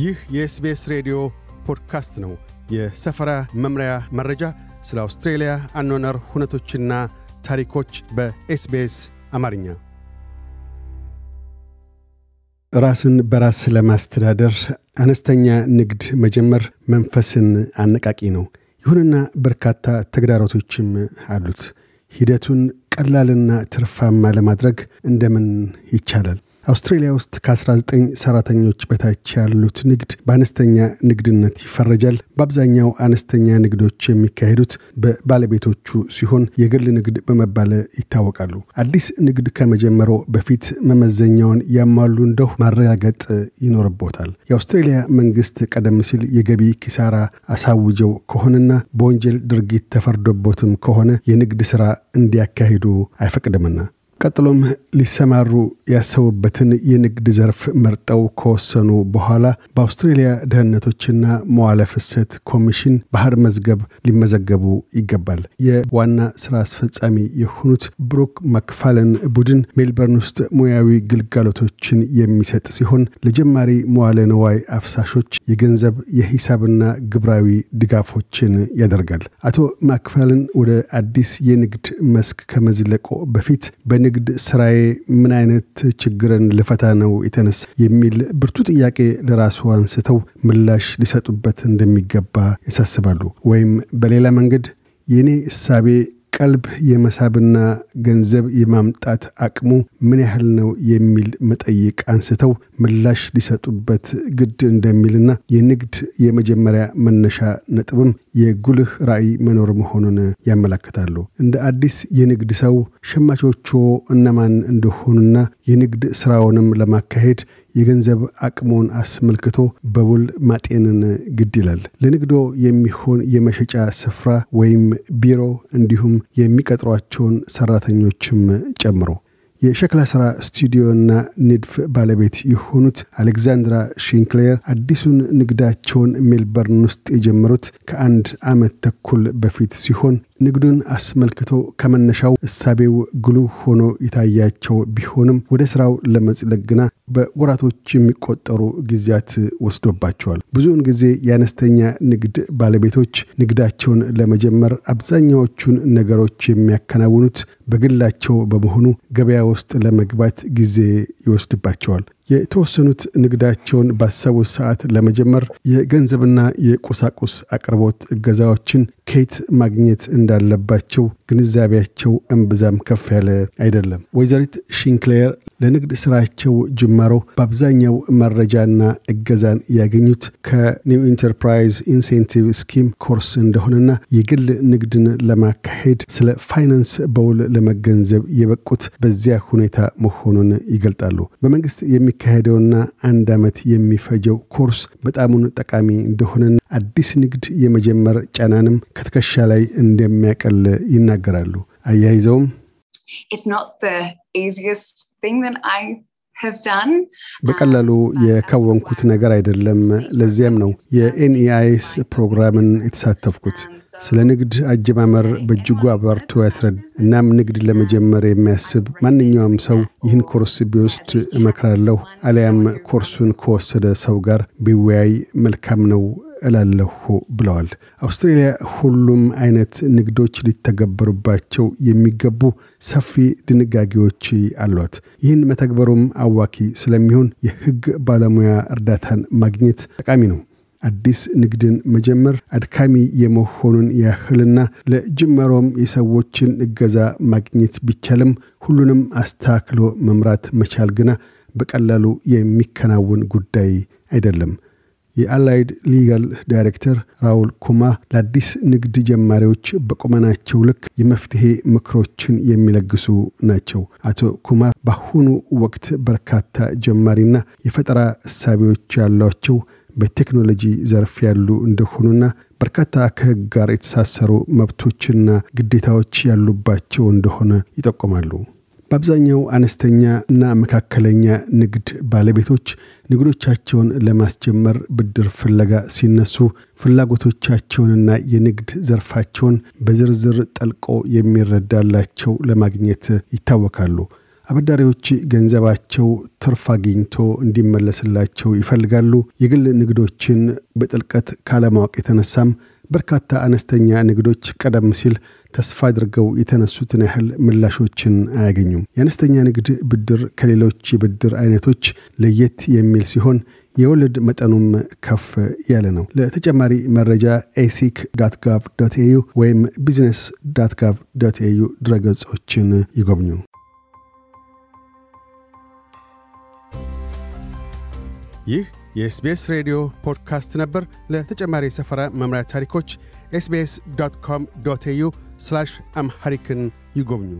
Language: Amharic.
ይህ የኤስቤስ ሬዲዮ ፖድካስት ነው። የሰፈራ መምሪያ መረጃ፣ ስለ አውስትሬልያ አኗኗር ሁነቶችና ታሪኮች በኤስቤስ አማርኛ። ራስን በራስ ለማስተዳደር አነስተኛ ንግድ መጀመር መንፈስን አነቃቂ ነው። ይሁንና በርካታ ተግዳሮቶችም አሉት። ሂደቱን ቀላልና ትርፋማ ለማድረግ እንደምን ይቻላል? አውስትሬሊያ ውስጥ ከ19 ሰራተኞች በታች ያሉት ንግድ በአነስተኛ ንግድነት ይፈረጃል። በአብዛኛው አነስተኛ ንግዶች የሚካሄዱት በባለቤቶቹ ሲሆን የግል ንግድ በመባል ይታወቃሉ። አዲስ ንግድ ከመጀመሩ በፊት መመዘኛውን ያሟሉ እንደሁ ማረጋገጥ ይኖርቦታል። የአውስትሬሊያ መንግስት ቀደም ሲል የገቢ ኪሳራ አሳውጀው ከሆነና በወንጀል ድርጊት ተፈርዶቦትም ከሆነ የንግድ ሥራ እንዲያካሂዱ አይፈቅድምና ቀጥሎም ሊሰማሩ ያሰቡበትን የንግድ ዘርፍ መርጠው ከወሰኑ በኋላ በአውስትሬልያ ደህንነቶችና መዋለ ፍሰት ኮሚሽን ባህር መዝገብ ሊመዘገቡ ይገባል። የዋና ስራ አስፈጻሚ የሆኑት ብሩክ መክፋለን ቡድን ሜልበርን ውስጥ ሙያዊ ግልጋሎቶችን የሚሰጥ ሲሆን ለጀማሪ መዋለ ንዋይ አፍሳሾች የገንዘብ የሂሳብና ግብራዊ ድጋፎችን ያደርጋል። አቶ ማክፋለን ወደ አዲስ የንግድ መስክ ከመዝለቆ በፊት በንግ የንግድ ስራዬ ምን አይነት ችግርን ልፈታ ነው የተነሳ የሚል ብርቱ ጥያቄ ለራሱ አንስተው ምላሽ ሊሰጡበት እንደሚገባ ያሳስባሉ። ወይም በሌላ መንገድ የእኔ እሳቤ ቀልብ የመሳብና ገንዘብ የማምጣት አቅሙ ምን ያህል ነው የሚል መጠይቅ አንስተው ምላሽ ሊሰጡበት ግድ እንደሚልና የንግድ የመጀመሪያ መነሻ ነጥብም የጉልህ ራዕይ መኖር መሆኑን ያመላክታሉ። እንደ አዲስ የንግድ ሰው ሸማቾቹ እነማን እንደሆኑና የንግድ ስራውንም ለማካሄድ የገንዘብ አቅሞን አስመልክቶ በውል ማጤንን ግድ ይላል። ለንግዶ የሚሆን የመሸጫ ስፍራ ወይም ቢሮ እንዲሁም የሚቀጥሯቸውን ሰራተኞችም ጨምሮ የሸክላ ስራ ስቱዲዮና ንድፍ ባለቤት የሆኑት አሌክዛንድራ ሽንክሌር አዲሱን ንግዳቸውን ሜልበርን ውስጥ የጀመሩት ከአንድ ዓመት ተኩል በፊት ሲሆን ንግዱን አስመልክቶ ከመነሻው እሳቤው ግሉ ሆኖ የታያቸው ቢሆንም ወደ ስራው ለመጽለቅ ግና በወራቶች የሚቆጠሩ ጊዜያት ወስዶባቸዋል። ብዙውን ጊዜ የአነስተኛ ንግድ ባለቤቶች ንግዳቸውን ለመጀመር አብዛኛዎቹን ነገሮች የሚያከናውኑት በግላቸው በመሆኑ ገበያ ውስጥ ለመግባት ጊዜ ይወስድባቸዋል። የተወሰኑት ንግዳቸውን ባሰቡት ሰዓት ለመጀመር የገንዘብና የቁሳቁስ አቅርቦት እገዛዎችን ከየት ማግኘት እንዳለባቸው ግንዛቤያቸው እምብዛም ከፍ ያለ አይደለም። ወይዘሪት ሽንክሌር ለንግድ ስራቸው ጅማሮ በአብዛኛው መረጃና እገዛን ያገኙት ከኒው ኢንተርፕራይዝ ኢንሴንቲቭ ስኪም ኮርስ እንደሆነና የግል ንግድን ለማካሄድ ስለ ፋይናንስ በውል ለመገንዘብ የበቁት በዚያ ሁኔታ መሆኑን ይገልጣሉ። በመንግስት የሚካሄደውና አንድ ዓመት የሚፈጀው ኮርስ በጣሙን ጠቃሚ እንደሆነና አዲስ ንግድ የመጀመር ጫናንም ከትከሻ ላይ እንደሚያቀል ይናገራሉ። አያይዘውም በቀላሉ um, የከወንኩት ነገር አይደለም። ለዚያም ነው የኤንኢአይስ ፕሮግራምን um, የተሳተፍኩት። ስለ ንግድ አጀማመር በእጅጉ አብራርቶ ያስረድ። እናም ንግድ ለመጀመር የሚያስብ ማንኛውም ሰው ይህን ኮርስ ቢወስድ እመክራለሁ፣ አሊያም ኮርሱን ከወሰደ ሰው ጋር ቢወያይ መልካም ነው እላለሁ ብለዋል። አውስትሬልያ ሁሉም አይነት ንግዶች ሊተገበሩባቸው የሚገቡ ሰፊ ድንጋጌዎች አሏት። ይህን መተግበሩም አዋኪ ስለሚሆን የህግ ባለሙያ እርዳታን ማግኘት ጠቃሚ ነው። አዲስ ንግድን መጀመር አድካሚ የመሆኑን ያህልና ለጅመሮም የሰዎችን እገዛ ማግኘት ቢቻልም ሁሉንም አስተካክሎ መምራት መቻል ግና በቀላሉ የሚከናወን ጉዳይ አይደለም። የአላይድ ሊጋል ዳይሬክተር ራውል ኩማ ለአዲስ ንግድ ጀማሪዎች በቁመናቸው ልክ የመፍትሄ ምክሮችን የሚለግሱ ናቸው። አቶ ኩማ በአሁኑ ወቅት በርካታ ጀማሪና የፈጠራ እሳቢዎች ያሏቸው በቴክኖሎጂ ዘርፍ ያሉ እንደሆኑና በርካታ ከህግ ጋር የተሳሰሩ መብቶችና ግዴታዎች ያሉባቸው እንደሆነ ይጠቁማሉ። በአብዛኛው አነስተኛ እና መካከለኛ ንግድ ባለቤቶች ንግዶቻቸውን ለማስጀመር ብድር ፍለጋ ሲነሱ ፍላጎቶቻቸውንና የንግድ ዘርፋቸውን በዝርዝር ጠልቆ የሚረዳላቸው ለማግኘት ይታወካሉ። አበዳሪዎች ገንዘባቸው ትርፍ አግኝቶ እንዲመለስላቸው ይፈልጋሉ። የግል ንግዶችን በጥልቀት ካለማወቅ የተነሳም በርካታ አነስተኛ ንግዶች ቀደም ሲል ተስፋ አድርገው የተነሱትን ያህል ምላሾችን አያገኙም። የአነስተኛ ንግድ ብድር ከሌሎች የብድር አይነቶች ለየት የሚል ሲሆን የወለድ መጠኑም ከፍ ያለ ነው። ለተጨማሪ መረጃ ኤሲክ ዳት ጋቭ ኤዩ ወይም ቢዝነስ ዳት ጋቭ ኤዩ ድረገጾችን ይጎብኙ። ይህ የኤስቤስ ሬዲዮ ፖድካስት ነበር። ለተጨማሪ ሰፈራ መምሪያ ታሪኮች ኤስቤስ ዶት ኮም ዶት ኤዩ አምሐሪክን ይጎብኙ።